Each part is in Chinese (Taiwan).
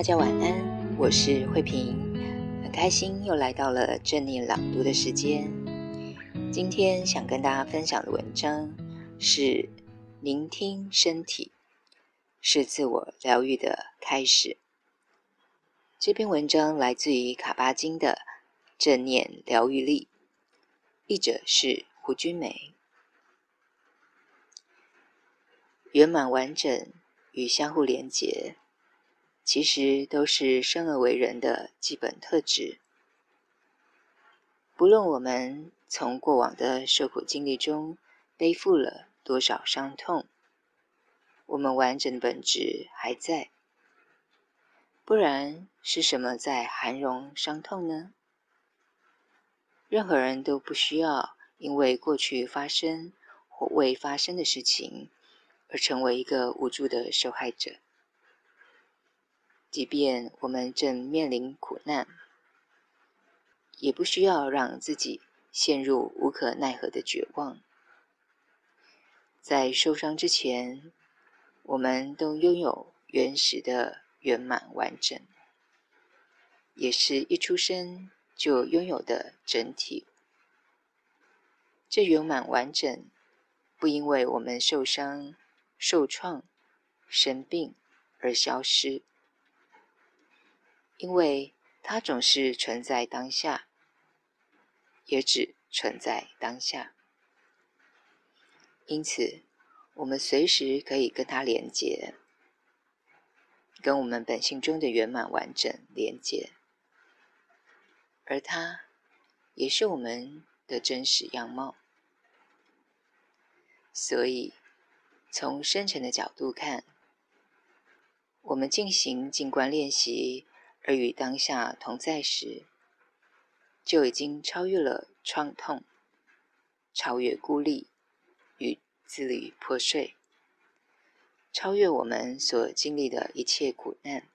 大家晚安，我是慧萍，很開心又來到了正念朗讀的時間。今天想跟大家分享的文章是：聆聽身體，是自我療癒的開始。這篇文章來自於卡巴金的《正念療癒力》，譯者是胡君梅。圓滿完整與相互連結，其實都是生而為人的基本特質。不論我們從過往的受苦經歷中背負了多少傷痛，我們完整的本質還在。不然，是什麼在涵容傷痛呢？任何人都不需要因為過去發生或未發生的事情而成為一個無助的受害者。即便我們正面臨苦難，也不需要讓自己陷入無可奈何的絕望。在受傷之前，我們都擁有原始的圓滿完整，也是一出生就擁有的整體。這圓滿完整，不因為我們受傷、受創、生病而消失。因為它總是存在當下，也只存在當下，因此我們隨時可以跟它連接，跟我們本性中的圓滿完整連接，而它也是我們的真實樣貌。所以，從深層的角度看，我們進行靜觀練習。而與當下同在時，就已經超越了創痛，超越孤立與自律破碎，超越我們所經歷的一切苦難。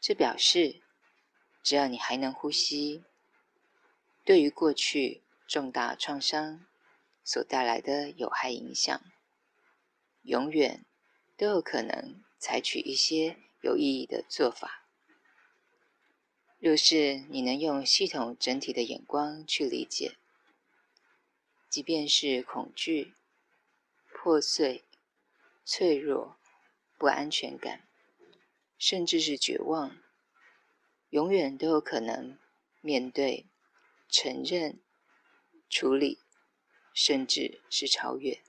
這表示，只要你還能呼吸，對於過去重大創傷所帶來的有害影響，永遠都有可能採取一些有意義的做法。若是你能用系統整體的眼光去理解，即便是恐懼、破碎、脆弱、不安全感，甚至是絕望，永遠都有可能面對、承認、處理，甚至是超越。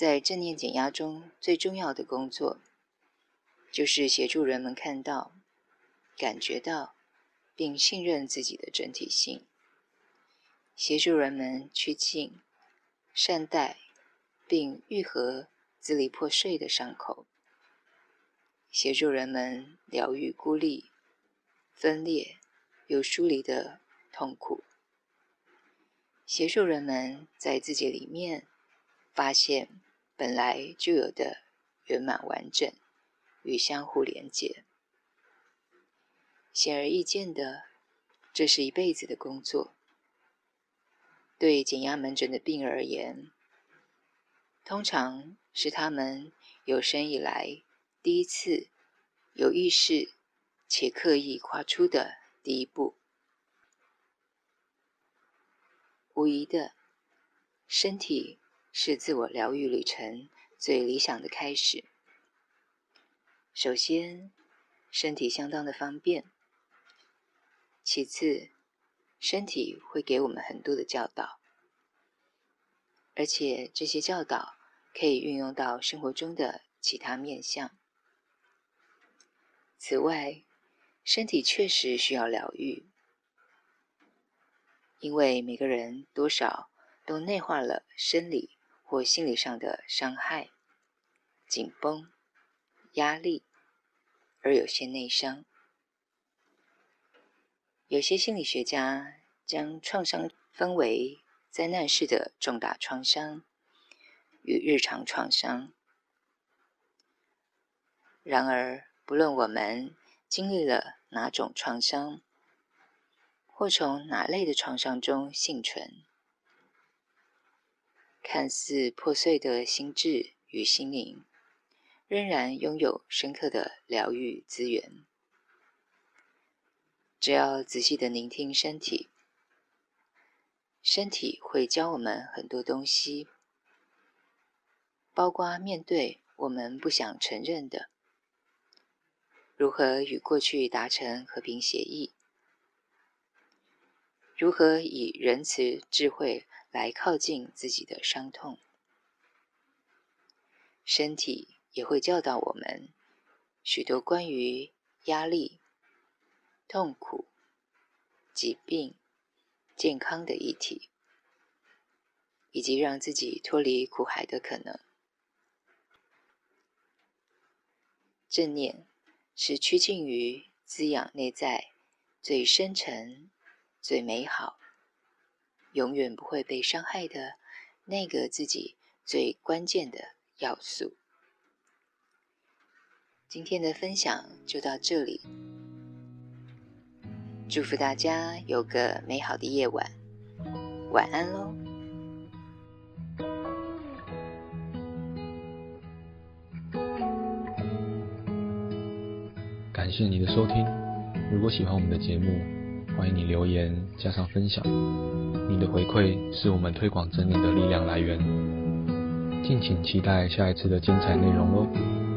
在正念減壓中，最重要的工作，就是協助人們看到、感覺到，並信任自己的整體性；協助人們趨近善待，並愈合支離破碎的傷口；協助人們療癒孤立、分裂又疏離的痛苦；協助人們在自己裡面發現。本來就有的圓滿完整與相互連接，顯而易見的，這是一輩子的工作。對減壓門診的病人而言，通常是他們有生以來第一次有意識且刻意跨出的第一步。無疑的，身體。是自我療癒旅程最理想的開始。首先，身體相當的方便；其次，身體會給我們很多的教導，而且這些教導可以運用到生活中的其他面向。此外，身體確實需要療癒，因為每個人多少都內化了生理。或心理上的傷害、緊繃、壓力，而有些內傷。有些心理學家將創傷分為災難式的重大創傷與日常創傷。然而，不論我們經歷了哪種創傷，或從哪類的創傷中幸存。看似破碎的心智與心靈，仍然擁有深刻的療癒資源。只要仔細的聆聽身體，身體會教我們很多東西，包括面對我們不想承認的，如何與過去達成和平協議，如何以仁慈智慧。來靠近自己的傷痛，身體也會教導我們許多關於壓力、痛苦、疾病、健康的議題，以及讓自己脫離苦海的可能。正念是趨近於滋養內在最深沉、最美好。永遠不會被傷害的那個自己最關鍵的要素。今天的分享就到這裡，祝福大家有個美好的夜晚，晚安嘍！感謝你的收聽，如果喜歡我們的節目，歡迎你留言，加上分享，你的回饋是我們推廣真理的力量來源。敬請期待下一次的精彩內容哦。